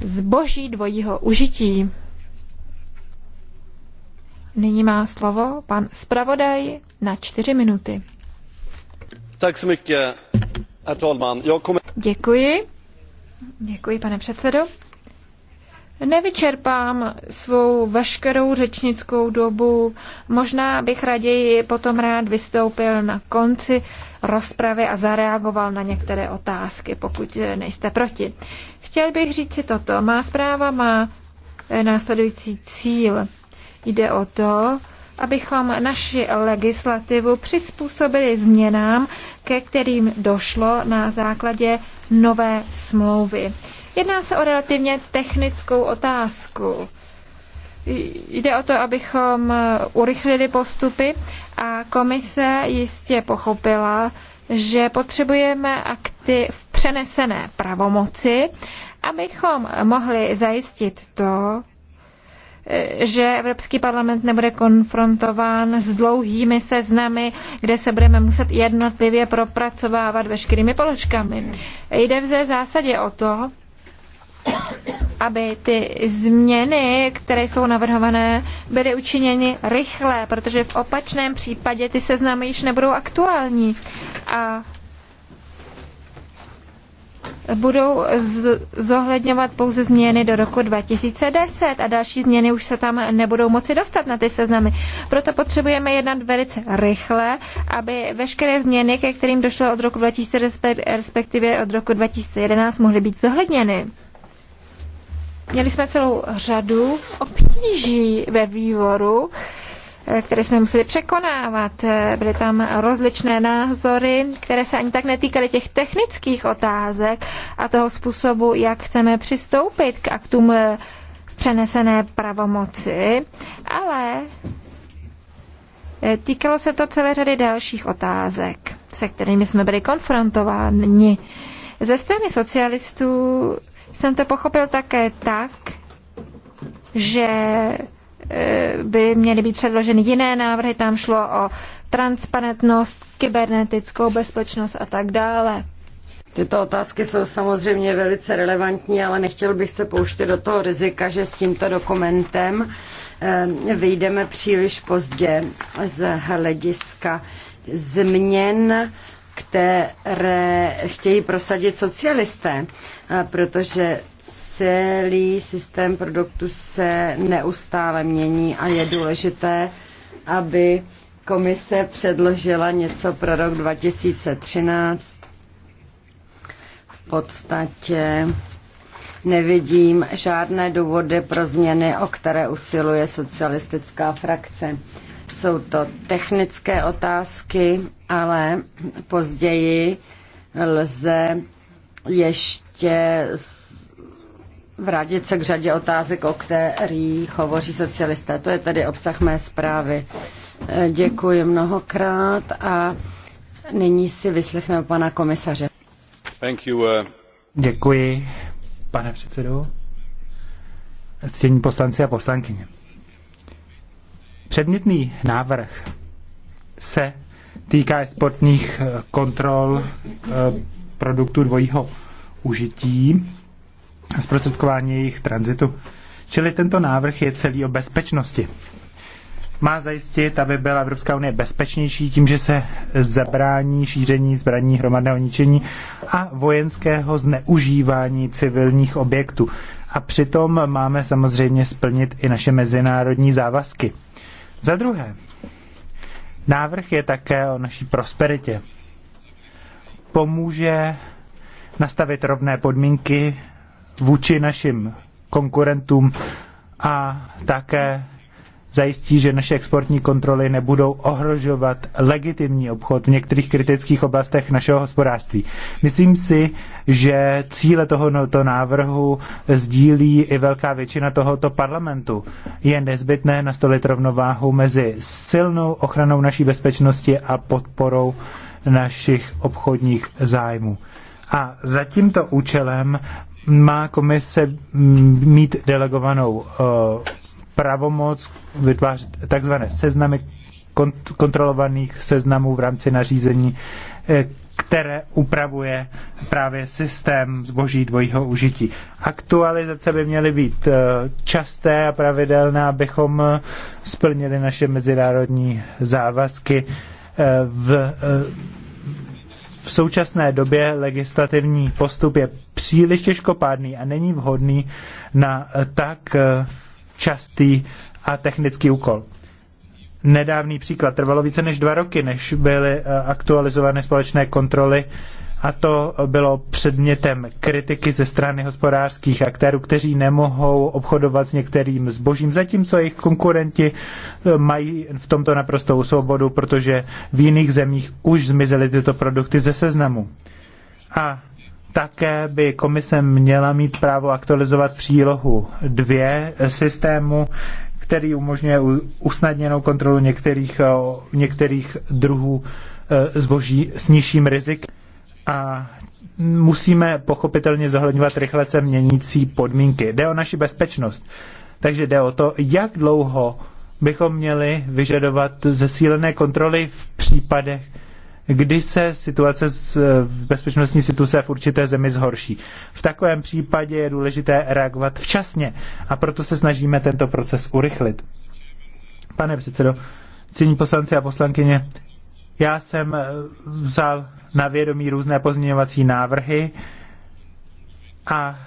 zboží dvojího užití. Nyní má slovo pan zpravodaj na čtyři minuty. Tak smykě, Děkuji. Děkuji, pane předsedo. Nevyčerpám svou veškerou řečnickou dobu. Možná bych raději potom rád vystoupil na konci rozpravy a zareagoval na některé otázky, pokud nejste proti. Chtěl bych říct si toto. Má zpráva má eh, následující cíl. Jde o to, abychom naši legislativu přizpůsobili změnám, ke kterým došlo na základě nové smlouvy. Jedná se o relativně technickou otázku. Jde o to, abychom eh, urychlili postupy a komise jistě pochopila, že potřebujeme akty v přenesené pravomoci, abychom mohli zajistit to, že Evropský parlament nebude konfrontován s dlouhými seznamy, kde se budeme muset jednotlivě propracovávat veškerými položkami. Jde v zásadě o to, aby ty změny, které jsou navrhované, byly učiněny rychle, protože v opačném případě ty seznamy již nebudou aktuální a budou zohledňovat pouze změny do roku 2010 a další změny už se tam nebudou moci dostat na ty seznamy. Proto potřebujeme jednat velice rychle, aby veškeré změny, ke kterým došlo od roku 2010, respektive od roku 2011, mohly být zohledněny. Měli jsme celou řadu obtíží ve vývoru, eh, které jsme museli překonávat. Eh, Byly tam rozličné názory, které se ani tak netýkaly těch technických otázek a toho způsobu, jak chceme přistoupit k aktům eh, přenesené pravomoci, ale týkalo se to celé řady dalších otázek, se kterými jsme byli konfrontováni. Ze strany socialistů jsem to pochopil také tak, že e, by měly být předloženy jiné návrhy, tam šlo o transparentnost, kybernetickou bezpečnost a tak dále. Tyto otázky jsou samozřejmě velice relevantní, ale nechtěl bych se pouštět do toho rizika, že s tímto dokumentem e, vyjdeme příliš pozdě z hlediska změn které chtějí prosadit socialisté, eh, protože celý systém produktu se neustále mění a je důležité, aby komise předložila něco pro rok 2013. V podstatě nevidím žádné důvody pro změny, o které usiluje socialistická frakce. Jsou to technické otázky, ale později lze ještě vrátit se k řadě otázek, o kterých hovoří socialisté. To je tedy obsah mé zprávy. Děkuji mnohokrát a nyní si vyslechneme pana komisaře. Thank you, uh... Děkuji, pane předsedo. Ctění poslanci a poslankyně. Předmětný návrh se týká sportních eh, kontrol eh, produktů dvojího užití a zprostředkování jejich tranzitu. Čili tento návrh je celý o bezpečnosti. Má zajistit, aby byla Evropská unie bezpečnější tím, že se zabrání šíření zbraní hromadného ničení a vojenského zneužívání civilních objektů. A přitom máme samozřejmě splnit i naše mezinárodní závazky. Za druhé, návrh je také o naší prosperitě. Pomůže nastavit rovné podmínky vůči našim konkurentům a také zajistí, že naše exportní kontroly nebudou ohrožovat legitimní obchod v některých kritických oblastech našeho hospodářství. Myslím si, že cíle tohoto návrhu sdílí i velká většina tohoto parlamentu. Je nezbytné nastolit rovnováhu mezi silnou ochranou naší bezpečnosti a podporou našich obchodních zájmů. A za tímto účelem má komise mít delegovanou eh, pravomoc vytvářet takzvané seznamy kontrolovaných seznamů v rámci nařízení, eh, které upravuje právě systém zboží dvojího užití. Aktualizace by měly být eh, časté a pravidelné, abychom eh, splnili naše mezinárodní závazky. V, v současné době legislativní postup je příliš těžkopádný a není vhodný na tak častý a technický úkol. Nedávný příklad trvalo více než dva roky, než byly eh, aktualizovány společné kontroly a to bylo předmětem kritiky ze strany hospodářských aktérů, kteří nemohou obchodovat s některým zbožím, zatímco jejich konkurenti eh, mají v tomto naprostou svobodu, protože v jiných zemích už zmizely tyto produkty ze seznamu. A také by komise měla mít právo aktualizovat přílohu 2 systému, který umožňuje usnadněnou kontrolu některých, eh, některých druhů eh, zboží s nižším rizikem. A musíme pochopitelně zohledňovat rychle se měnící podmínky. Jde o naši bezpečnost. Takže jde o to, jak dlouho bychom měli vyžadovat zesílené kontroly v případech, když se situace, eh, bezpečnostní situace v určité zemi zhorší. V takovém případě je důležité reagovat včasně a proto se snažíme tento proces urychlit. Pane předsedo, cení poslanci a poslankyně, já jsem eh, vzal na vědomí různé pozměňovací návrhy a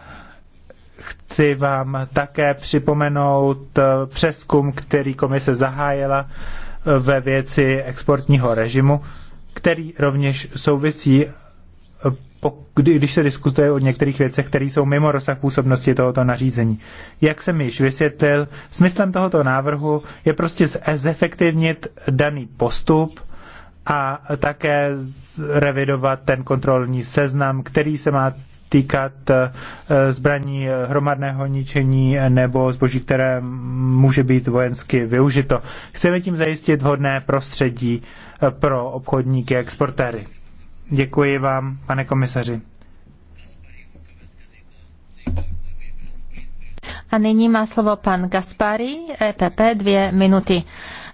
chci vám také připomenout eh, přeskum, který komise zahájila ve věci exportního režimu který rovněž souvisí, eh, když se diskutuje o některých věcech, které jsou mimo rozsah působnosti tohoto nařízení. Jak jsem již vysvětlil, smyslem tohoto návrhu je prostě zefektivnit daný postup a také revidovat ten kontrolní seznam, který se má týkat eh, zbraní hromadného ničení nebo zboží, které může být vojensky využito. Chceme tím zajistit vhodné prostředí eh, pro obchodníky a exportéry. Děkuji vám, pane komisaři. A nyní má slovo pan Gaspari, EPP, dvě minuty.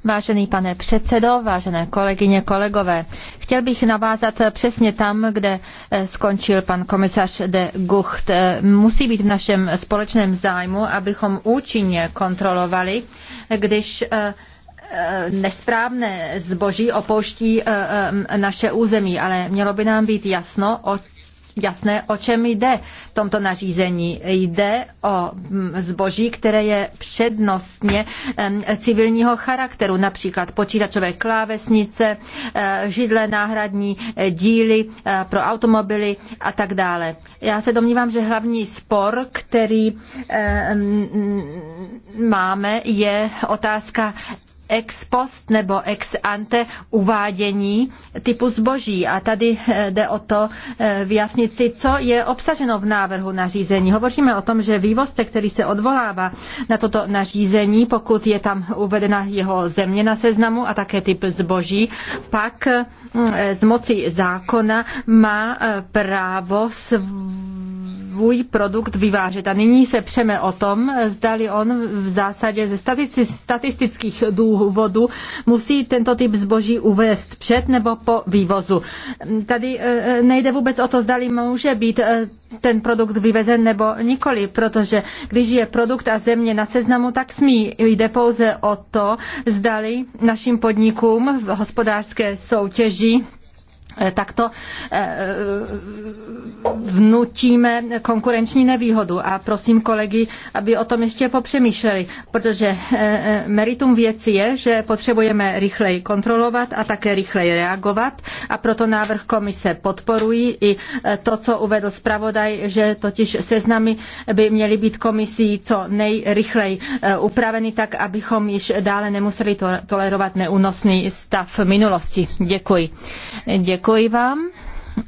Vážený pane předsedo, vážené kolegyně, kolegové, chtěl bych navázat přesně tam, kde eh, skončil pan komisař de Gucht. Eh, musí být v našem společném zájmu, abychom účinně kontrolovali, když eh, nesprávné zboží opouští naše území, ale mělo by nám být jasno, o jasné, o čem jde v tomto nařízení. Jde o mm, zboží, které je přednostně civilního charakteru, například počítačové klávesnice, e, židle náhradní, e, díly e, pro automobily a tak dále. Já se domnívám, že hlavní spor, který máme, je otázka ex post nebo ex ante uvádění typu zboží. A tady eh, jde o to eh, vyjasnit si, co je obsaženo v návrhu nařízení. Hovoříme o tom, že vývozce, který se odvolává na toto nařízení, pokud je tam uvedena jeho země na seznamu a také typ zboží, pak eh, z moci zákona má právo sv svůj produkt vyvážet. A nyní se přeme o tom, zdali on v zásadě ze statistických důvodů musí tento typ zboží uvést před nebo po vývozu. Tady e, e, nejde vůbec o to, zdali může být e, ten produkt vyvezen nebo nikoli, protože když je produkt a země na seznamu, tak smí. Jde pouze o to, zdali našim podnikům v hospodářské soutěži Eh, takto eh, eh, vnutíme konkurenční nevýhodu. A prosím kolegy, aby o tom ještě popřemýšleli, protože meritum věci je, že potřebujeme rychleji kontrolovat a také rychleji reagovat a proto návrh komise podporují i to, co uvedl zpravodaj, že totiž seznamy by měly být komisí co nejrychleji upraveny tak, abychom již dále nemuseli tolerovat neúnosný stav minulosti. Děkuji. Děkuji Děkuji vám.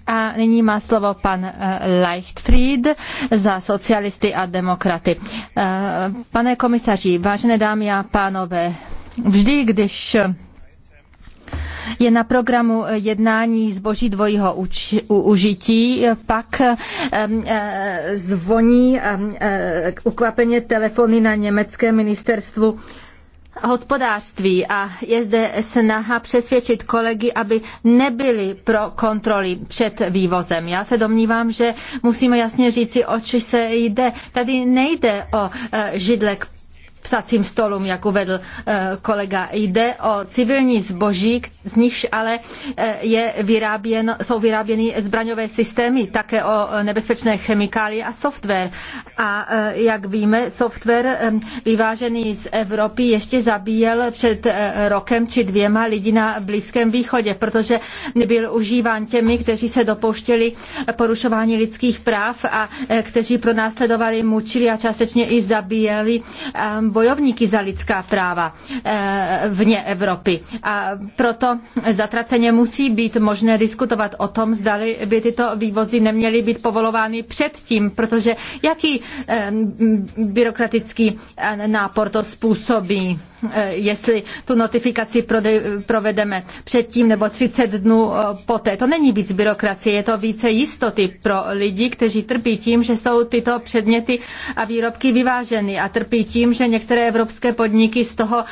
A nyní má slovo pan eh, Leichtfried za socialisty a demokraty. Eh, pane komisaři, vážené dámy a pánové, vždy, když je na programu jednání zboží dvojího užití, pak eh, zvoní ukvapeně telefony na německé ministerstvu hospodářství a je zde snaha přesvědčit kolegy, aby nebyli pro kontroly před vývozem. Já se domnívám, že musíme jasně říci, o co se jde. Tady nejde o eh, židlek psacím stolům, jak uvedl eh, kolega. Jde o civilní zboží, z nichž ale eh, je vyráběn, jsou vyráběny zbraňové systémy, také o eh, nebezpečné chemikálie a software. A jak víme, software vyvážený z Evropy ještě zabíjel před rokem či dvěma lidi na Blízkém východě, protože byl užíván těmi, kteří se dopouštěli porušování lidských práv a kteří pronásledovali, mučili a částečně i zabíjeli bojovníky za lidská práva eh, vně Evropy. A proto zatraceně musí být možné diskutovat o tom, zdali by tyto vývozy neměly být povolovány předtím, protože jaký eh, byrokratický eh, nápor to způsobí, jestli tu notifikaci provedeme předtím nebo 30 dnů poté. To není víc byrokracie, je to více jistoty pro lidi, kteří trpí tím, že jsou tyto předměty a výrobky vyváženy a trpí tím, že někdo některé evropské podniky z toho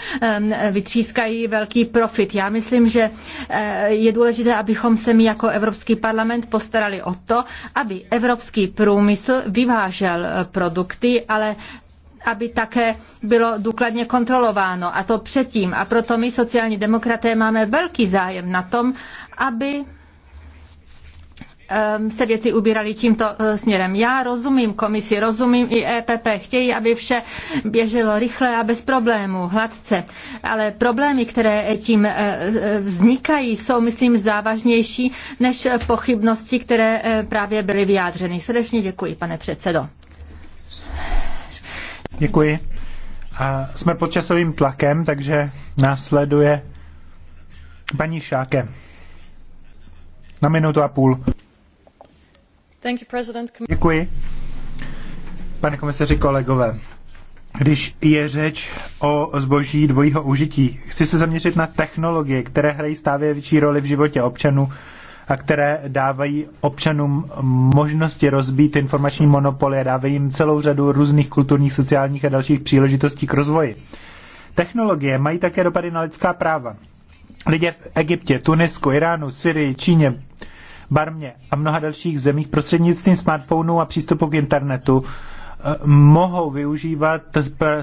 vytřískají velký profit. Já myslím, že eh, je důležité, abychom se my jako Evropský parlament postarali o to, aby evropský průmysl vyvážel eh, produkty, ale aby také bylo důkladně kontrolováno, a to předtím. A proto my, sociální demokraté, máme velký zájem na tom, aby Ehm, se věci ubíraly tímto eh, směrem. Já rozumím komisi, rozumím i EPP. Chtějí, aby vše běželo rychle a bez problémů, hladce. Ale problémy, které tím eh, eh, vznikají, jsou, myslím, závažnější než pochybnosti, které právě byly vyjádřeny. Srdečně děkuji, pane předsedo. Děkuji. A jsme pod časovým tlakem, takže následuje paní Šáke. Na minutu a půl. Děkuji. Pane komisaři, kolegové, když je řeč o zboží dvojího užití, chci se zaměřit na technologie, které hrají stávě větší roli v životě občanů a které dávají občanům možnosti rozbít informační monopoly a dávají jim celou řadu různých kulturních, sociálních a dalších příležitostí k rozvoji. Technologie mají také dopady na lidská práva. Lidé v Egyptě, Tunisku, Iránu, Syrii, Číně Barmě a mnoha dalších zemích prostřednictvím smartphonů a přístupu k internetu eh, mohou využívat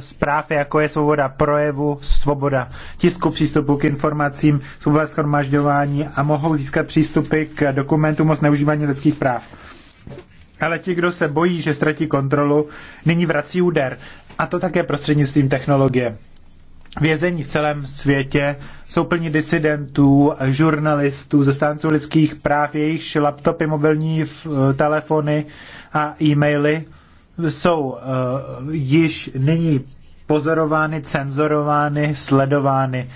zpráv, jako je svoboda projevu, svoboda tisku, přístupu k informacím, svoboda schromažďování a mohou získat přístupy k dokumentům o zneužívání lidských práv. Ale ti, kdo se bojí, že ztratí kontrolu, nyní vrací úder. A to také prostřednictvím technologie. Vězení v celém světě jsou plní disidentů, žurnalistů, zastánců lidských práv, jejichž laptopy, mobilní eh, telefony a e-maily jsou uh, již nyní pozorovány, cenzorovány, sledovány.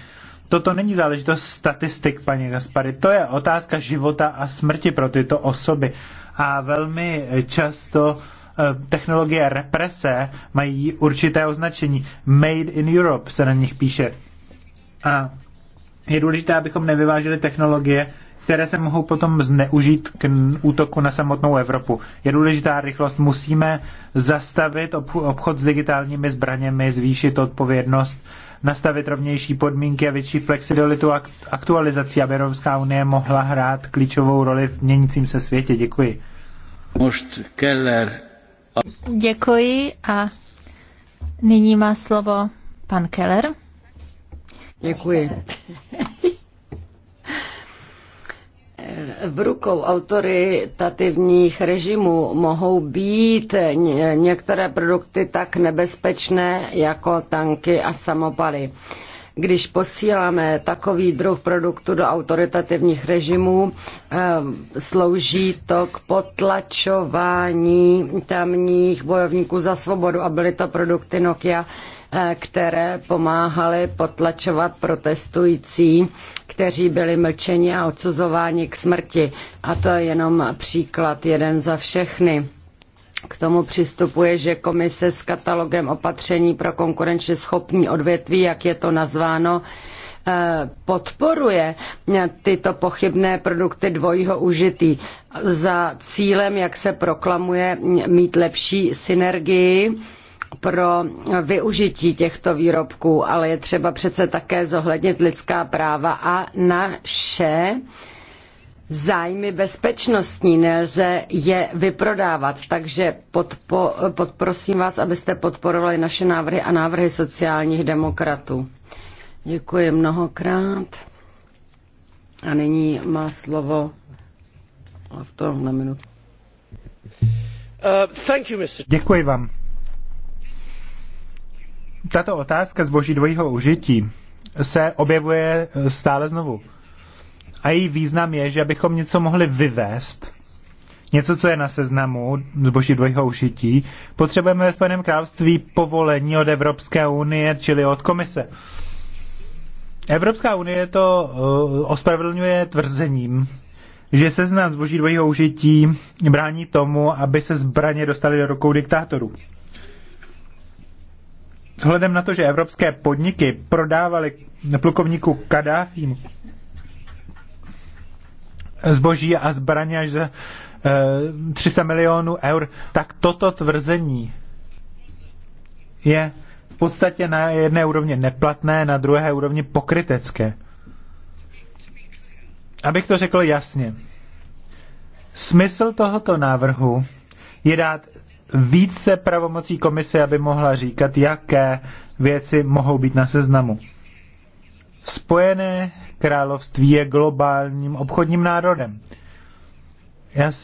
Toto není záležitost statistik, paní Gaspary, to je otázka života a smrti pro tyto osoby. A velmi často Eh, technologie represe mají určité označení. Made in Europe se na nich píše. A je důležité, abychom nevyváželi technologie, které se mohou potom zneužít k útoku na samotnou Evropu. Je důležitá rychlost. Musíme zastavit obchod s digitálními zbraněmi, zvýšit odpovědnost, nastavit rovnější podmínky a větší flexibilitu a aktualizaci, aby Evropská unie mohla hrát klíčovou roli v měnícím se světě. Děkuji. Most Keller Děkuji a nyní má slovo pan Keller. Děkuji. V rukou autoritativních režimů mohou být některé produkty tak nebezpečné jako tanky a samopaly. Když posíláme takový druh produktu do autoritativních režimů, eh, slouží to k potlačování tamních bojovníků za svobodu a byly to produkty Nokia, eh, které pomáhaly potlačovat protestující, kteří byli mlčeni a odsuzováni k smrti. A to je jenom příklad jeden za všechny k tomu přistupuje, že komise s katalogem opatření pro konkurenčně schopní odvětví, jak je to nazváno, eh, podporuje tyto pochybné produkty dvojího užití za cílem, jak se proklamuje, mít lepší synergii pro využití těchto výrobků, ale je třeba přece také zohlednit lidská práva a naše zájmy bezpečnostní, nelze je vyprodávat, takže podpo, podprosím vás, abyste podporovali naše návrhy a návrhy sociálních demokratů. Děkuji mnohokrát. A nyní má slovo v minutu. Uh, Děkuji vám. Tato otázka zboží dvojího užití se objevuje stále znovu a její význam je, že abychom něco mohli vyvést, něco, co je na seznamu zboží dvojího užití, potřebujeme ve Spojeném království povolení od Evropské unie, čili od komise. Evropská unie to uh, ospravedlňuje tvrzením, že seznam zboží dvojího užití brání tomu, aby se zbraně dostaly do rukou diktátorů. Vzhledem na to, že evropské podniky prodávaly plukovníku Kadáfímu zboží a zbraně až za 300 eh, milionů eur, tak toto tvrzení je v podstatě na jedné úrovni neplatné, na druhé úrovni pokrytecké. Abych to řekl jasně, smysl tohoto návrhu je dát více pravomocí komise, aby mohla říkat, jaké věci mohou být na seznamu. Spojené království je globálním obchodním národem.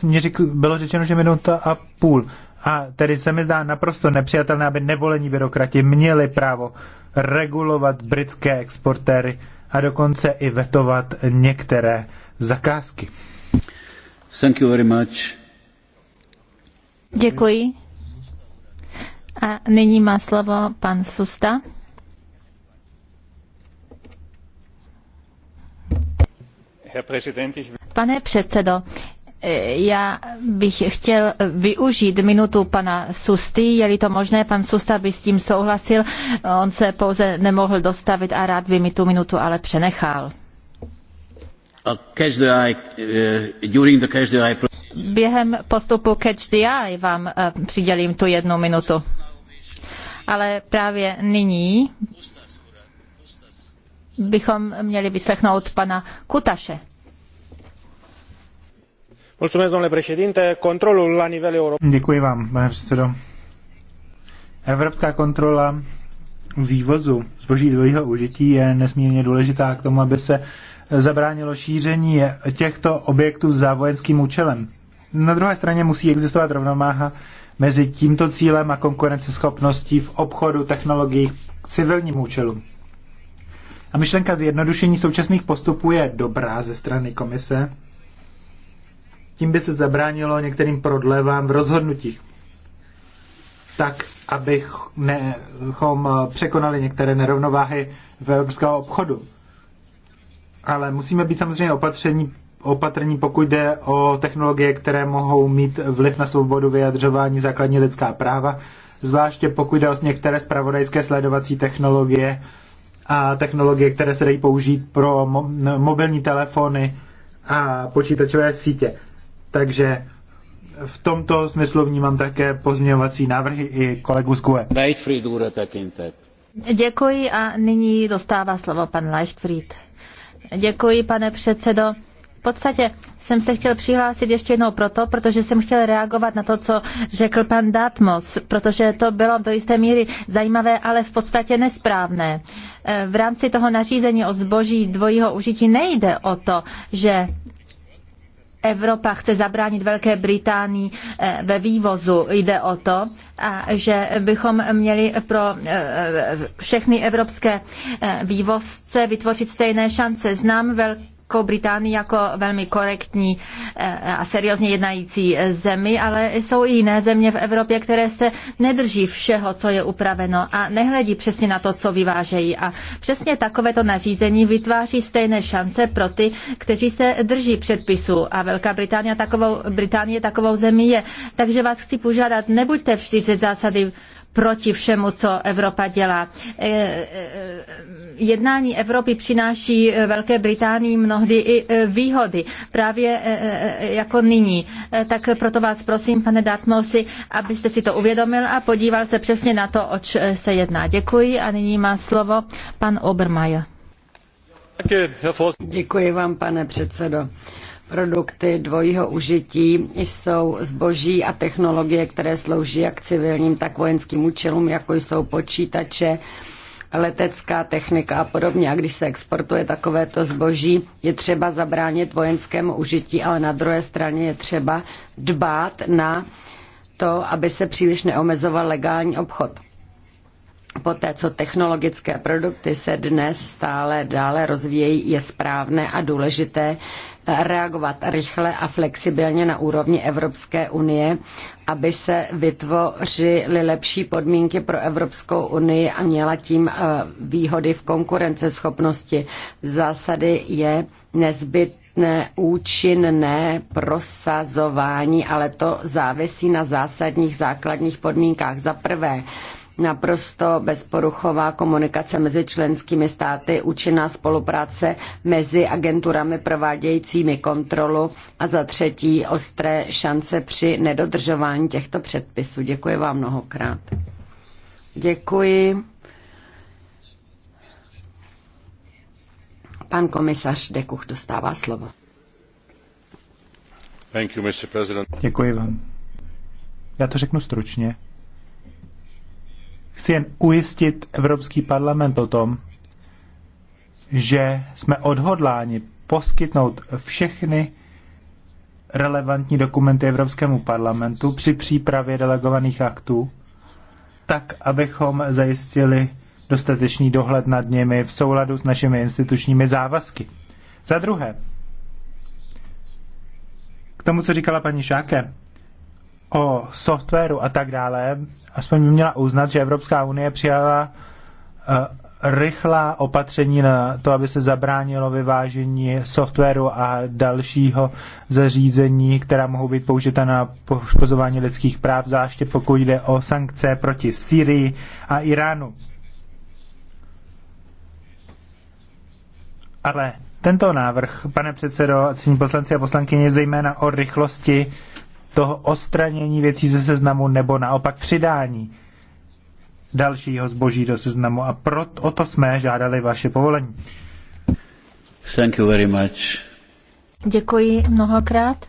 mě řekl, bylo řečeno, že minuta a půl. A tedy se mi zdá naprosto nepřijatelné, aby nevolení byrokrati měli právo regulovat britské exportéry a dokonce i vetovat některé zakázky. Thank you very much. Děkuji. A nyní má slovo pan Susta. Pane předsedo, e, já bych chtěl využít minutu pana Susty, je-li to možné, pan Susta by s tím souhlasil, on se pouze nemohl dostavit a rád by mi tu minutu ale přenechal. E, Během postupu Catch the Eye vám e, přidělím tu jednu minutu. Ale právě nyní bychom měli vyslechnout pana Kutaše. Děkuji vám, pane předsedo. Evropská kontrola vývozu zboží dvojího užití je nesmírně důležitá k tomu, aby se zabránilo šíření těchto objektů za vojenským účelem. Na druhé straně musí existovat rovnováha mezi tímto cílem a konkurenceschopností v obchodu, technologiích k civilním účelům. A myšlenka zjednodušení současných postupů je dobrá ze strany komise. Tím by se zabránilo některým prodlevám v rozhodnutích. Tak, abychom překonali některé nerovnováhy v evropského obchodu. Ale musíme být samozřejmě opatření, opatrní, pokud jde o technologie, které mohou mít vliv na svobodu vyjadřování základní lidská práva, zvláště pokud jde o některé spravodajské sledovací technologie, a technologie, které se dají použít pro mo- mobilní telefony a počítačové sítě. Takže v tomto smyslu vnímám také pozměňovací návrhy i kolegu z GUE. Děkuji a nyní dostává slovo pan Leichtfried. Děkuji, pane předsedo podstatě jsem se chtěl přihlásit ještě jednou proto, protože jsem chtěl reagovat na to, co řekl pan Datmos, protože to bylo do jisté míry zajímavé, ale v podstatě nesprávné. Eh, v rámci toho nařízení o zboží dvojího užití nejde o to, že Evropa chce zabránit Velké Británii eh, ve vývozu. Jde o to, že bychom měli pro eh, všechny evropské vývozce vytvořit stejné šance. Znám velké Velkou Británii jako velmi korektní eh, a seriózně jednající eh, zemi, ale jsou i jiné země v Evropě, které se nedrží všeho, co je upraveno a nehledí přesně na to, co vyvážejí. A přesně takovéto nařízení vytváří stejné šance pro ty, kteří se drží předpisu. A Velká Británie takovou, Británie takovou zemí je. Takže vás chci požádat, nebuďte vždy ze zásady proti všemu, co Evropa dělá. E, e, jednání Evropy přináší Velké Británii mnohdy i e, výhody, právě jako nyní. Tak proto vás prosím, pane Dartmouthy, abyste si to uvědomil a podíval se přesně na to, oč se jedná. Děkuji a nyní má slovo pan Obermeier. Děkuji vám, pane předsedo. Produkty dvojího užití jsou zboží a technologie, které slouží jak civilním, tak vojenským účelům, jako jsou počítače, letecká technika a podobně. A když se exportuje takovéto zboží, je třeba zabránit vojenskému užití, ale na druhé straně je třeba dbát na to, aby se příliš neomezoval legální obchod. Poté, co technologické produkty se dnes stále dále rozvíjejí, je správné a důležité, reagovat rychle a flexibilně na úrovni Evropské unie, aby se vytvořily lepší podmínky pro Evropskou unii a měla tím eh, výhody v konkurenceschopnosti. Zásady je nezbytné účinné prosazování, ale to závisí na zásadních základních podmínkách. Za prvé, naprosto bezporuchová komunikace mezi členskými státy, účinná spolupráce mezi agenturami provádějícími kontrolu a za třetí ostré šance při nedodržování těchto předpisů. Děkuji vám mnohokrát. Děkuji. Pan komisař Dekuch dostává slovo. Děkuji vám. Já to řeknu stručně. Chci jen ujistit Evropský parlament o tom, že jsme odhodláni poskytnout všechny relevantní dokumenty Evropskému parlamentu při přípravě delegovaných aktů, tak, abychom zajistili dostatečný dohled nad nimi v souladu s našimi institučními závazky. Za druhé, k tomu, co říkala paní Šáke, o softwaru a tak dále, aspoň by měla uznat, že Evropská unie přijala eh, rychlá opatření na to, aby se zabránilo vyvážení softwaru a dalšího zařízení, která mohou být použita na poškozování lidských práv, zvláště pokud jde o sankce proti Syrii a Iránu. Ale tento návrh, pane předsedo, poslanci a poslankyně, zejména o rychlosti toho ostranění věcí ze seznamu nebo naopak přidání dalšího zboží do seznamu a proto o to jsme žádali vaše povolení. Thank you very much. Děkuji mnohokrát.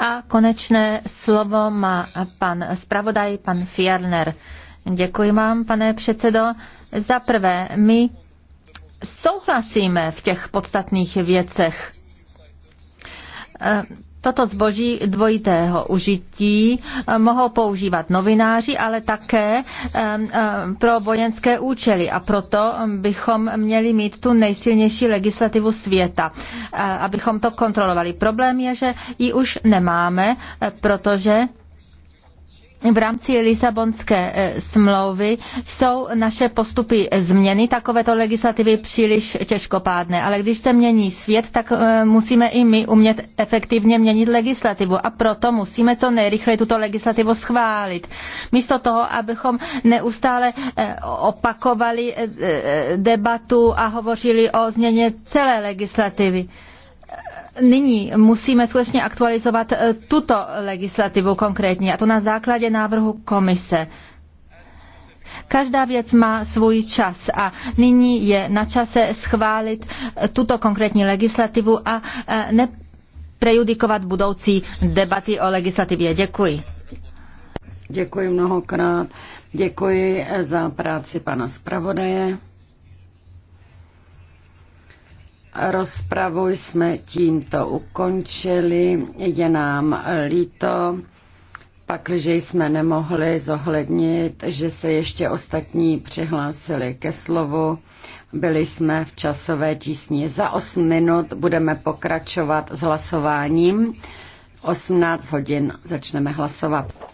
A konečné slovo má pan zpravodaj, pan Fjellner. Děkuji vám, pane předsedo. Za prvé, my souhlasíme v těch podstatných věcech Toto zboží dvojitého užití eh, mohou používat novináři, ale také eh, eh, pro vojenské účely a proto bychom měli mít tu nejsilnější legislativu světa, abychom to kontrolovali. Problém je, že ji už nemáme, protože v rámci Lisabonské eh, smlouvy jsou naše postupy změny takovéto legislativy příliš těžkopádné, ale když se mění svět, tak eh, musíme i my umět efektivně měnit legislativu a proto musíme co nejrychleji tuto legislativu schválit. Místo toho, abychom neustále eh, opakovali debatu a hovořili o změně celé legislativy nyní musíme skutečně aktualizovat e, tuto legislativu konkrétně, a to na základě návrhu komise. Každá věc má svůj čas a nyní je na čase schválit e, tuto konkrétní legislativu a e, neprejudikovat budoucí debaty o legislativě. Děkuji. Děkuji mnohokrát. Děkuji za práci pana zpravodaje. Rozpravu jsme tímto ukončili. Je nám líto, pakliže jsme nemohli zohlednit, že se ještě ostatní přihlásili ke slovu. Byli jsme v časové tísni. Za 8 minut budeme pokračovat s hlasováním. 18 hodin začneme hlasovat.